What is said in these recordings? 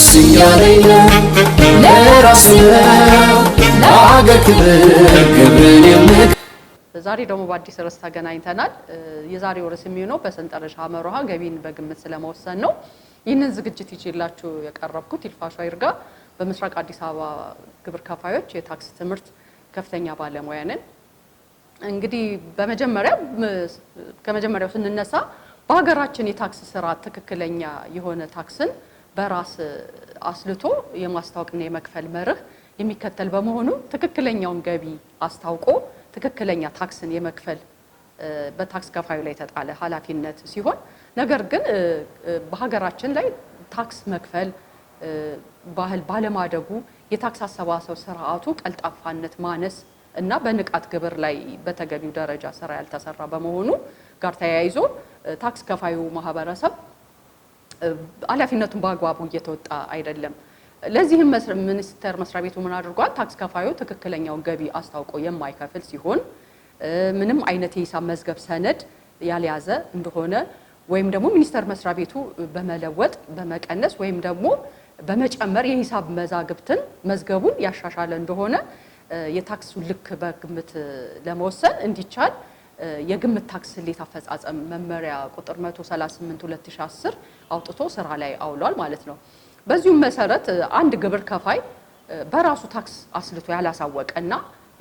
ደስ እያለኝ ለራስ ለአገር ክብር ክብርን የምቅ ዛሬ ደግሞ በአዲስ ርዕስ ተገናኝተናል። የዛሬው ርዕስ የሚሆነው በሰንጠረዥ ሐመሮሃ ገቢን በግምት ስለመወሰን ነው። ይህንን ዝግጅት ይዤላችሁ የቀረብኩት ይልፋሻ ይርጋ በምስራቅ አዲስ አበባ ግብር ከፋዮች የታክስ ትምህርት ከፍተኛ ባለሙያ ነን። እንግዲህ በመጀመሪያ ከመጀመሪያው ስንነሳ በሀገራችን የታክስ ስርዓት ትክክለኛ የሆነ ታክስን በራስ አስልቶ የማስታወቅና የመክፈል መርህ የሚከተል በመሆኑ ትክክለኛውን ገቢ አስታውቆ ትክክለኛ ታክስን የመክፈል በታክስ ከፋዩ ላይ የተጣለ ኃላፊነት ሲሆን ነገር ግን በሀገራችን ላይ ታክስ መክፈል ባህል ባለማደጉ የታክስ አሰባሰብ ስርዓቱ ቀልጣፋነት ማነስ እና በንቃት ግብር ላይ በተገቢው ደረጃ ስራ ያልተሰራ በመሆኑ ጋር ተያይዞ ታክስ ከፋዩ ማህበረሰብ ኃላፊነቱን በአግባቡ እየተወጣ አይደለም። ለዚህም ሚኒስቴር መስሪያ ቤቱ ምን አድርጓል? ታክስ ከፋዩ ትክክለኛውን ገቢ አስታውቆ የማይከፍል ሲሆን ምንም አይነት የሂሳብ መዝገብ ሰነድ ያልያዘ እንደሆነ ወይም ደግሞ ሚኒስቴር መስሪያ ቤቱ በመለወጥ በመቀነስ ወይም ደግሞ በመጨመር የሂሳብ መዛግብትን መዝገቡን ያሻሻለ እንደሆነ የታክሱ ልክ በግምት ለመወሰን እንዲቻል የግምት ታክስ ስሌት አፈጻጸም መመሪያ ቁጥር 138 2010 አውጥቶ ስራ ላይ አውሏል ማለት ነው። በዚሁም መሰረት አንድ ግብር ከፋይ በራሱ ታክስ አስልቶ ያላሳወቀ እና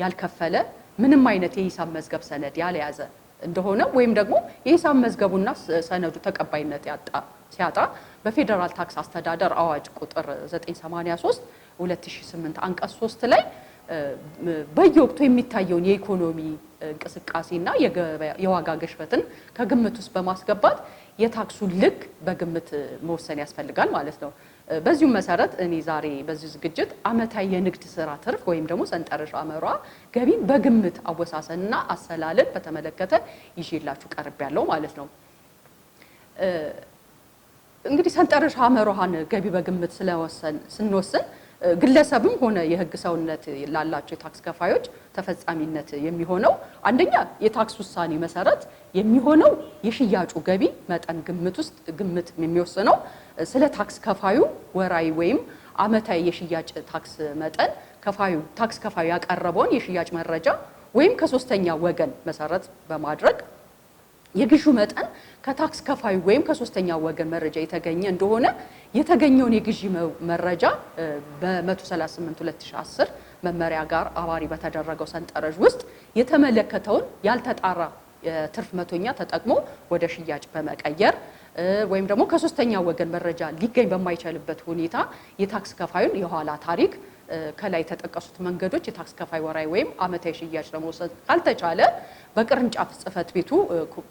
ያልከፈለ ምንም አይነት የሂሳብ መዝገብ ሰነድ ያልያዘ እንደሆነ ወይም ደግሞ የሂሳብ መዝገቡና ሰነዱ ተቀባይነት ያጣ ሲያጣ በፌዴራል ታክስ አስተዳደር አዋጅ ቁጥር 983 2008 አንቀጽ 3 ላይ በየወቅቱ የሚታየውን የኢኮኖሚ እንቅስቃሴና የዋጋ ግሽበትን ከግምት ውስጥ በማስገባት የታክሱን ልክ በግምት መወሰን ያስፈልጋል ማለት ነው። በዚሁም መሰረት እኔ ዛሬ በዚህ ዝግጅት አመታዊ የንግድ ስራ ትርፍ ወይም ደግሞ ሰንጠረዥ አመሯ ገቢን በግምት አወሳሰንና አሰላለን በተመለከተ ይዤላችሁ ቀርቤያለሁ ማለት ነው። እንግዲህ ሰንጠረዥ አመሯን ገቢ በግምት ስለወሰን ስንወስን ግለሰብም ሆነ የህግ ሰውነት ላላቸው የታክስ ከፋዮች ተፈጻሚነት የሚሆነው አንደኛ የታክስ ውሳኔ መሰረት የሚሆነው የሽያጩ ገቢ መጠን ግምት ውስጥ ግምት የሚወስነው ስለ ታክስ ከፋዩ ወራዊ ወይም አመታዊ የሽያጭ ታክስ መጠን ከፋዩ ታክስ ከፋዩ ያቀረበውን የሽያጭ መረጃ ወይም ከሶስተኛ ወገን መሰረት በማድረግ የግሹ መጠን ከታክስ ከፋዩ ወይም ከሶስተኛ ወገን መረጃ የተገኘ እንደሆነ የተገኘውን የግዢ መረጃ በ138 2010 መመሪያ ጋር አባሪ በተደረገው ሰንጠረዥ ውስጥ የተመለከተውን ያልተጣራ የትርፍ መቶኛ ተጠቅሞ ወደ ሽያጭ በመቀየር ወይም ደግሞ ከሶስተኛ ወገን መረጃ ሊገኝ በማይቻልበት ሁኔታ የታክስ ከፋዩን የኋላ ታሪክ ከላይ የተጠቀሱት መንገዶች የታክስ ከፋይ ወራይ ወይም አመታዊ ሽያጭ ለመውሰድ ካልተቻለ በቅርንጫፍ ጽህፈት ቤቱ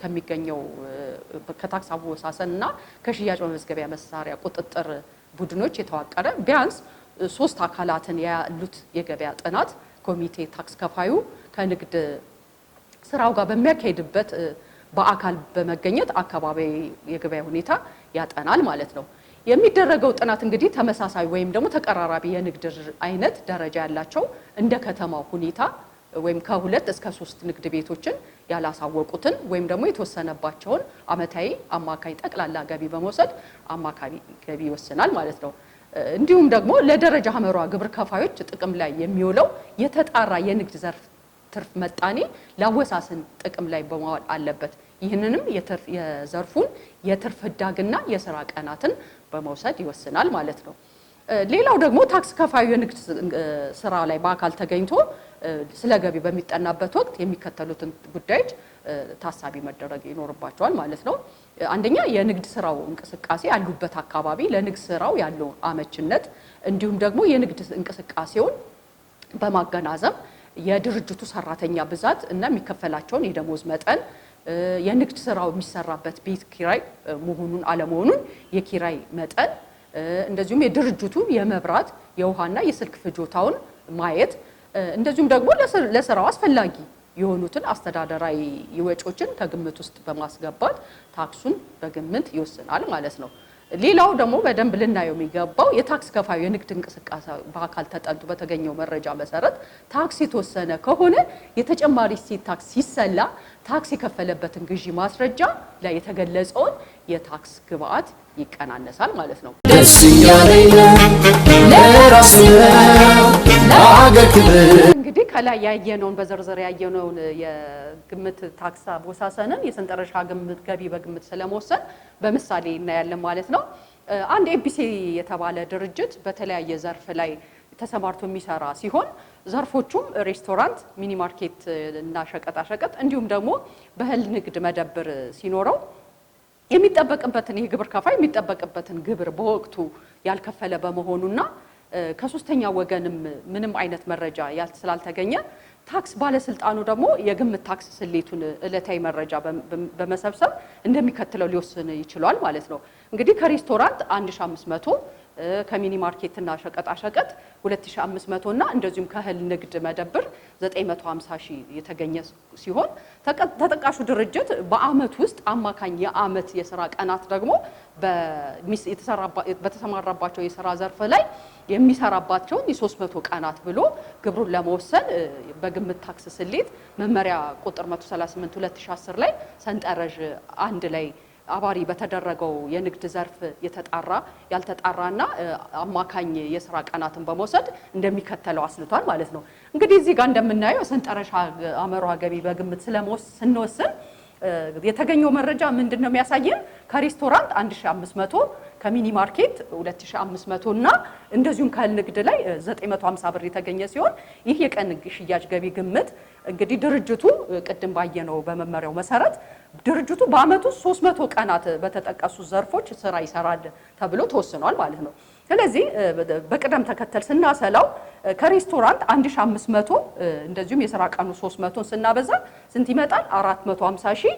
ከሚገኘው ከታክስ አወሳሰን እና ከሽያጭ መመዝገቢያ መሳሪያ ቁጥጥር ቡድኖች የተዋቀረ ቢያንስ ሶስት አካላትን ያሉት የገበያ ጥናት ኮሚቴ ታክስ ከፋዩ ከንግድ ስራው ጋር በሚያካሄድበት በአካል በመገኘት አካባቢ የገበያ ሁኔታ ያጠናል ማለት ነው። የሚደረገው ጥናት እንግዲህ ተመሳሳይ ወይም ደግሞ ተቀራራቢ የንግድ አይነት ደረጃ ያላቸው እንደ ከተማው ሁኔታ ወይም ከሁለት እስከ ሶስት ንግድ ቤቶችን ያላሳወቁትን ወይም ደግሞ የተወሰነባቸውን አመታዊ አማካኝ ጠቅላላ ገቢ በመውሰድ አማካኝ ገቢ ይወስናል ማለት ነው። እንዲሁም ደግሞ ለደረጃ ሀመሯ ግብር ከፋዮች ጥቅም ላይ የሚውለው የተጣራ የንግድ ዘርፍ ትርፍ መጣኔ ለአወሳሰን ጥቅም ላይ በማዋል አለበት። ይህንንም የዘርፉን የትርፍ ህዳግና የስራ ቀናትን በመውሰድ ይወስናል ማለት ነው። ሌላው ደግሞ ታክስ ከፋዩ የንግድ ስራ ላይ በአካል ተገኝቶ ስለ ገቢ በሚጠናበት ወቅት የሚከተሉትን ጉዳዮች ታሳቢ መደረግ ይኖርባቸዋል ማለት ነው። አንደኛ የንግድ ስራው እንቅስቃሴ ያሉበት አካባቢ ለንግድ ስራው ያለው አመችነት፣ እንዲሁም ደግሞ የንግድ እንቅስቃሴውን በማገናዘብ የድርጅቱ ሰራተኛ ብዛት እና የሚከፈላቸውን የደሞዝ መጠን የንግድ ስራው የሚሰራበት ቤት ኪራይ መሆኑን አለመሆኑን፣ የኪራይ መጠን እንደዚሁም የድርጅቱ የመብራት የውሃና የስልክ ፍጆታውን ማየት እንደዚሁም ደግሞ ለስራው አስፈላጊ የሆኑትን አስተዳደራዊ ወጪዎችን ከግምት ውስጥ በማስገባት ታክሱን በግምት ይወስናል ማለት ነው። ሌላው ደግሞ በደንብ ልናየው የሚገባው የታክስ ከፋዩ የንግድ እንቅስቃሴ በአካል ተጠንቶ በተገኘው መረጃ መሰረት ታክስ የተወሰነ ከሆነ የተጨማሪ እሴት ታክስ ሲሰላ ታክስ የከፈለበትን ግዢ ማስረጃ ላይ የተገለጸውን የታክስ ግብአት ይቀናነሳል ማለት ነው። እንግዲህ ከላይ ያየነውን በዝርዝር ያየነውን የግምት ታክስ አወሳሰንን የሰንጠረዥ ግምት ገቢ በግምት ስለመወሰን በምሳሌ እናያለን ማለት ነው። አንድ ኤቢሲ የተባለ ድርጅት በተለያየ ዘርፍ ላይ ተሰማርቶ የሚሰራ ሲሆን ዘርፎቹም ሬስቶራንት፣ ሚኒማርኬት እና ሸቀጣሸቀጥ እንዲሁም ደግሞ በእህል ንግድ መደብር ሲኖረው የሚጠበቅበትን ይህ ግብር ከፋይ የሚጠበቅበትን ግብር በወቅቱ ያልከፈለ በመሆኑና ከሶስተኛ ወገንም ምንም አይነት መረጃ ስላልተገኘ ታክስ ባለስልጣኑ ደግሞ የግምት ታክስ ስሌቱን እለታዊ መረጃ በመሰብሰብ እንደሚከተለው ሊወስን ይችሏል ማለት ነው። እንግዲህ ከሬስቶራንት 1500 ከሚኒ ማርኬትና ሸቀጣሸቀጥ 2500 እና እንደዚሁም ከእህል ንግድ መደብር 950 ሺህ የተገኘ ሲሆን ተጠቃሹ ድርጅት በአመት ውስጥ አማካኝ የአመት የስራ ቀናት ደግሞ በተሰማራባቸው የስራ ዘርፍ ላይ የሚሰራባቸውን የ300 ቀናት ብሎ ግብሩን ለመወሰን በግምት ታክስ ስሌት መመሪያ ቁጥር 138 2010 ላይ ሰንጠረዥ አንድ ላይ አባሪ በተደረገው የንግድ ዘርፍ የተጣራ ያልተጣራና አማካኝ የስራ ቀናትን በመውሰድ እንደሚከተለው አስልቷል ማለት ነው። እንግዲህ እዚህ ጋር እንደምናየው ሰንጠረሻ አመሯ ገቢ በግምት ስንወስን የተገኘው መረጃ ምንድን ነው የሚያሳየን? ከሬስቶራንት 1500 ከሚኒ ማርኬት 2500 እና እንደዚሁም ከንግድ ላይ 950 ብር የተገኘ ሲሆን ይህ የቀን ሽያጭ ገቢ ግምት እንግዲህ ድርጅቱ ቅድም ባየነው በመመሪያው መሰረት ድርጅቱ በአመቱ 300 ቀናት በተጠቀሱ ዘርፎች ስራ ይሰራል ተብሎ ተወስኗል ማለት ነው። ስለዚህ በቅደም ተከተል ስናሰላው ከሬስቶራንት 1500 እንደዚሁም የስራ ቀኑ 300 ስናበዛ ስንት ይመጣል? 450 ሺህ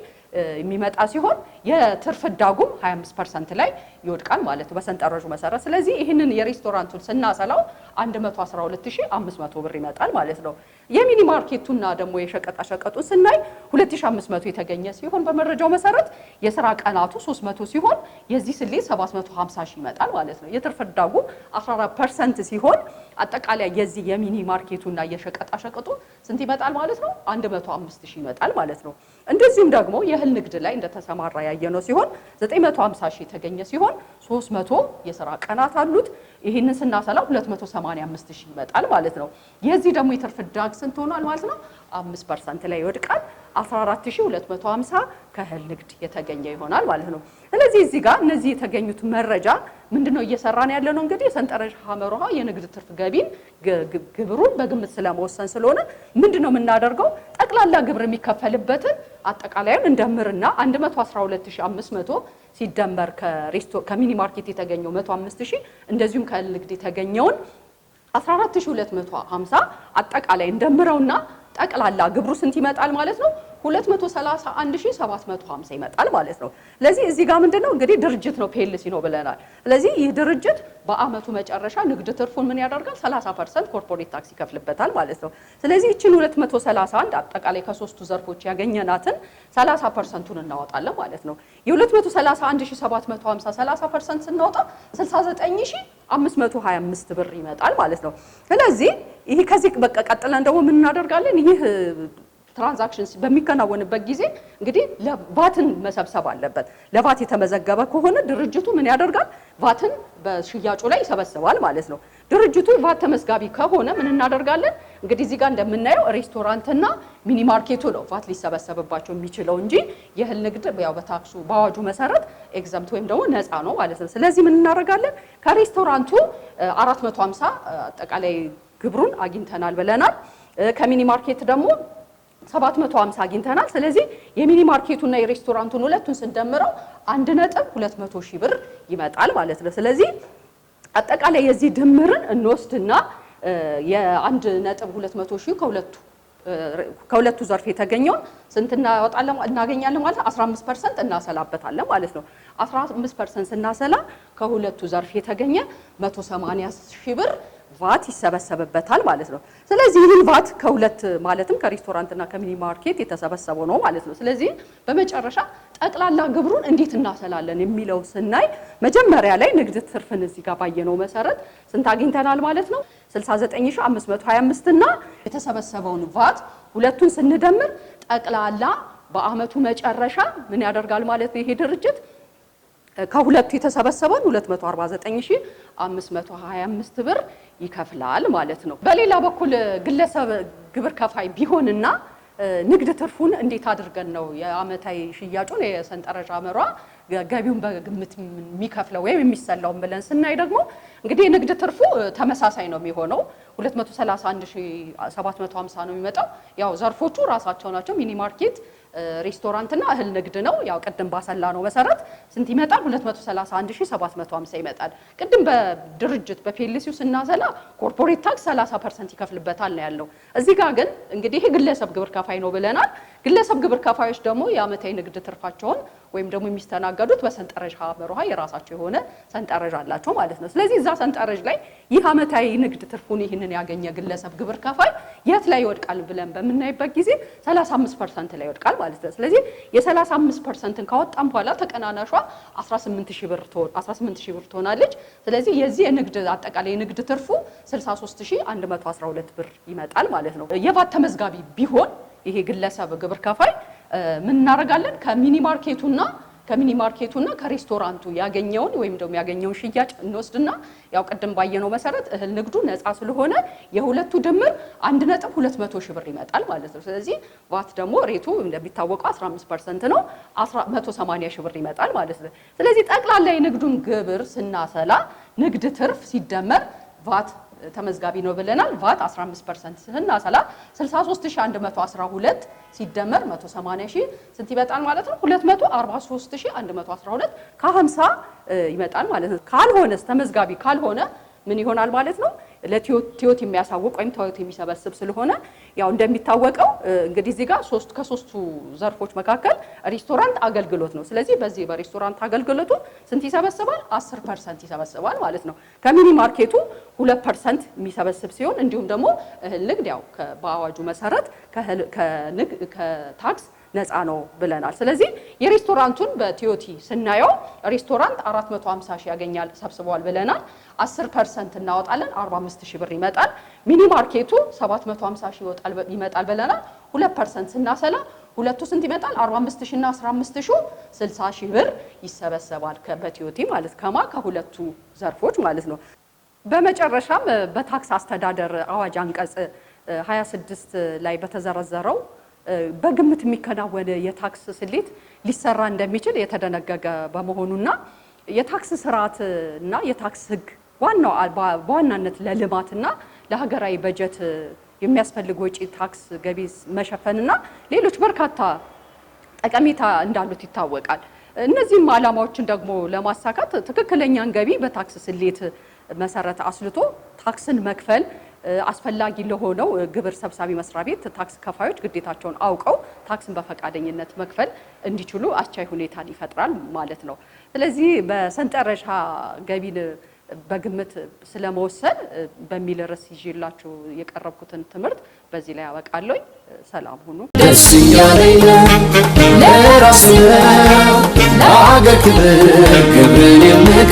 የሚመጣ ሲሆን የትርፍ ዳጉም 25 ፐርሰንት ላይ ይወድቃል ማለት ነው በሰንጠረዡ መሰረት። ስለዚህ ይህንን የሬስቶራንቱን ስናሰላው 112500 ብር ይመጣል ማለት ነው። የሚኒ ማርኬቱና ደግሞ የሸቀጣ ሸቀጡ ስናይ 2500 የተገኘ ሲሆን በመረጃው መሰረት የስራ ቀናቱ 300 ሲሆን የዚህ ስሌት 750 ሺህ ይመጣል ማለት ነው። የትርፍ 14% ሲሆን አጠቃላይ የዚህ የሚኒ ማርኬቱና የሸቀጣ ሸቀጡ ስንት ይመጣል ማለት ነው? 105 ሺህ ይመጣል ማለት ነው። እንደዚሁም ደግሞ የእህል ንግድ ላይ እንደተሰማራ ያየነው ሲሆን 950 ሺህ የተገኘ ሲሆን 300 የስራ ቀናት አሉት። ይህንን ስናሰላ 285 ሺህ ይመጣል ማለት ነው። የዚህ ደግሞ የትርፍ ዳግ ስንት ሆኗል ማለት ነው? 5 ፐርሰንት ላይ ይወድቃል። 14250 ከእህል ንግድ የተገኘ ይሆናል ማለት ነው። ስለዚህ እዚህ ጋር እነዚህ የተገኙት መረጃ ምንድነው እየሰራን ያለ ነው እንግዲህ የሰንጠረዥ ሀመር ውሃ የንግድ ትርፍ ገቢን ግብሩን በግምት ስለመወሰን ስለሆነ ምንድነው የምናደርገው ጠቅላላ ግብር የሚከፈልበትን አጠቃላዩን እንደምርና 112500 ሲደመር ከሚኒ ማርኬት የተገኘው 105 ሺህ እንደዚሁም ከንግድ የተገኘውን 14250 አጠቃላይ እንደምረውና ጠቅላላ ግብሩ ስንት ይመጣል ማለት ነው 231750 ይመጣል ማለት ነው። ስለዚህ እዚህ ጋር ምንድነው እንግዲህ ድርጅት ነው ፒኤልሲ ነው ብለናል። ስለዚህ ይህ ድርጅት በአመቱ መጨረሻ ንግድ ትርፉን ምን ያደርጋል? 30% ኮርፖሬት ታክስ ይከፍልበታል ማለት ነው። ስለዚህ እቺን 231 አጠቃላይ ከሶስቱ ዘርፎች ያገኘናትን 30%ቱን እናወጣለን ማለት ነው። የ231750 30% ስናወጣ 69525 ብር ይመጣል ማለት ነው። ስለዚህ ይሄ ከዚህ በቃ ቀጥለን ደግሞ ምን እናደርጋለን ይህ ትራንዛክሽንስ በሚከናወንበት ጊዜ እንግዲህ ለቫትን መሰብሰብ አለበት። ለቫት የተመዘገበ ከሆነ ድርጅቱ ምን ያደርጋል? ቫትን በሽያጩ ላይ ይሰበስባል ማለት ነው። ድርጅቱ ቫት ተመዝጋቢ ከሆነ ምን እናደርጋለን? እንግዲህ እዚህ ጋር እንደምናየው ሬስቶራንትና ሚኒ ማርኬቱ ነው ቫት ሊሰበሰብባቸው የሚችለው እንጂ የእህል ንግድ ያው በታክሱ በአዋጁ መሰረት ኤግዘምት ወይም ደግሞ ነፃ ነው ማለት ነው። ስለዚህ ምን እናደርጋለን? ከሬስቶራንቱ 450 አጠቃላይ ግብሩን አግኝተናል ብለናል። ከሚኒ ማርኬት ደግሞ 750 አግኝተናል። ስለዚህ የሚኒ ማርኬቱና የሬስቶራንቱን ሁለቱን ስንደምረው 1.200 ሺህ ብር ይመጣል ማለት ነው። ስለዚህ አጠቃላይ የዚህ ድምርን እንወስድና የ1.200 ሺህ ከሁለቱ ከሁለቱ ዘርፍ የተገኘውን ስንት እናወጣለን እናገኛለን ማለት 15 እናሰላበታለን ማለት ነው። 15 ፐርሰንት ስናሰላ ከሁለቱ ዘርፍ የተገኘ 180 ሺህ ብር ቫት ይሰበሰብበታል ማለት ነው። ስለዚህ ይህን ቫት ከሁለት ማለትም ከሬስቶራንትና ከሚኒ ማርኬት የተሰበሰበው ነው ማለት ነው። ስለዚህ በመጨረሻ ጠቅላላ ግብሩን እንዴት እናሰላለን የሚለው ስናይ መጀመሪያ ላይ ንግድ ትርፍን እዚህ ጋር ባየነው መሰረት ስንት አግኝተናል ማለት ነው 69525 እና የተሰበሰበውን ቫት ሁለቱን ስንደምር ጠቅላላ በአመቱ መጨረሻ ምን ያደርጋል ማለት ነው ይሄ ድርጅት ከሁለቱ የተሰበሰበውን 249525 ብር ይከፍላል ማለት ነው። በሌላ በኩል ግለሰብ ግብር ከፋይ ቢሆንና ንግድ ትርፉን እንዴት አድርገን ነው የአመታዊ ሽያጩን የሰንጠረዥ አመሯ ገቢውን በግምት የሚከፍለው ወይም የሚሰላውን ብለን ስናይ ደግሞ እንግዲህ የንግድ ትርፉ ተመሳሳይ ነው የሚሆነው 231750 ነው የሚመጣው። ያው ዘርፎቹ ራሳቸው ናቸው። ሚኒ ማርኬት ሬስቶራንትና እህል ንግድ ነው። ያው ቅድም ባሰላ ነው መሰረት ስንት ይመጣል? 231750 ይመጣል። ቅድም በድርጅት በፔልሲው ስናሰላ ኮርፖሬት ታክስ 30 ፐርሰንት ይከፍልበታል ነው ያለው። እዚህ ጋር ግን እንግዲህ ይሄ ግለሰብ ግብር ከፋይ ነው ብለናል። ግለሰብ ግብር ከፋዮች ደግሞ የአመታዊ ንግድ ትርፋቸውን ወይም ደግሞ የሚስተናገዱት በሰንጠረዥ ውሃ የራሳቸው የሆነ ሰንጠረዥ አላቸው ማለት ነው። ስለዚህ እዛ ሰንጠረዥ ላይ ይህ ዓመታዊ ንግድ ትርፉን ይህንን ያገኘ ግለሰብ ግብር ከፋይ የት ላይ ይወድቃል ብለን በምናይበት ጊዜ 35 ፐርሰንት ላይ ይወድቃል ማለት ነው። ስለዚህ የ35 ፐርሰንትን ካወጣም በኋላ ተቀናናሿ 18 ሺህ ብር ትሆናለች። ስለዚህ የዚህ የንግድ አጠቃላይ ንግድ ትርፉ 63112 ብር ይመጣል ማለት ነው። የቫት ተመዝጋቢ ቢሆን ይሄ ግለሰብ ግብር ከፋይ ምን እናደርጋለን? ከሚኒ ማርኬቱና ከሚኒ ማርኬቱና ከሬስቶራንቱ ያገኘውን ወይም ደግሞ ያገኘውን ሽያጭ እንወስድና ያው ቅድም ባየነው መሰረት እህል ንግዱ ነፃ ስለሆነ የሁለቱ ድምር አንድ ነጥብ ሁለት መቶ ሺህ ብር ይመጣል ማለት ነው። ስለዚህ ቫት ደግሞ ሬቱ እንደሚታወቀው 15 ፐርሰንት ነው። 180 ሺህ ብር ይመጣል ማለት ነው። ስለዚህ ጠቅላላ የንግዱን ግብር ስናሰላ ንግድ ትርፍ ሲደመር ቫት ተመዝጋቢ ነው ብለናል። ቫት 15 ፐርሰንት ስናሰላ 63112 ሲደመር 180 ሺህ ስንት ይመጣል ማለት ነው? 243112 ከ50 ይመጣል ማለት ነው። ካልሆነስ ተመዝጋቢ ካልሆነ ምን ይሆናል ማለት ነው? ለትዮት የሚያሳውቅ ወይም ቲዮት የሚሰበስብ ስለሆነ ያው እንደሚታወቀው እንግዲህ እዚህ ጋር ሶስት ከሶስቱ ዘርፎች መካከል ሬስቶራንት አገልግሎት ነው። ስለዚህ በዚህ በሬስቶራንት አገልግሎቱ ስንት ይሰበስባል? 10% ይሰበስባል ማለት ነው። ከሚኒ ማርኬቱ 2% የሚሰበስብ ሲሆን እንዲሁም ደግሞ እህል ንግድ ያው በአዋጁ መሰረት ከታክስ ነፃ ነው ብለናል። ስለዚህ የሬስቶራንቱን በቲዮቲ ስናየው ሬስቶራንት 450 ሺህ ያገኛል ሰብስበዋል ብለናል። 10 ፐርሰንት እናወጣለን 45 ሺህ ብር ይመጣል። ሚኒ ማርኬቱ 750 ሺህ ይመጣል ብለናል። 2 ፐርሰንት ስናሰላ ሁለቱ ስንት ይመጣል? 45 ሺህ እና 15 ሺህ 60 ሺህ ብር ይሰበሰባል። በቲዮቲ ማለት ከማ ከሁለቱ ዘርፎች ማለት ነው። በመጨረሻም በታክስ አስተዳደር አዋጅ አንቀጽ 26 ላይ በተዘረዘረው በግምት የሚከናወን የታክስ ስሌት ሊሰራ እንደሚችል የተደነገገ በመሆኑና የታክስ እና የታክስ ህግ ዋናው በዋናነት ለልማትና ለሀገራዊ በጀት የሚያስፈልግ ወጪ ታክስ ገቢ መሸፈንና ሌሎች በርካታ ጠቀሜታ እንዳሉት ይታወቃል። እነዚህም ዓላማዎችን ደግሞ ለማሳካት ትክክለኛን ገቢ በታክስ ስሌት መሰረት አስልቶ ታክስን መክፈል አስፈላጊ ለሆነው ግብር ሰብሳቢ መስሪያ ቤት ታክስ ከፋዮች ግዴታቸውን አውቀው ታክስን በፈቃደኝነት መክፈል እንዲችሉ አስቻይ ሁኔታን ይፈጥራል ማለት ነው። ስለዚህ በሰንጠረሻ ገቢን በግምት ስለመወሰን በሚል ርዕስ ይዤላችሁ የቀረብኩትን ትምህርት በዚህ ላይ አበቃለኝ። ሰላም ሁኑ። ደስ እያለኝ ለራስ ለአገር ክብር ክብርን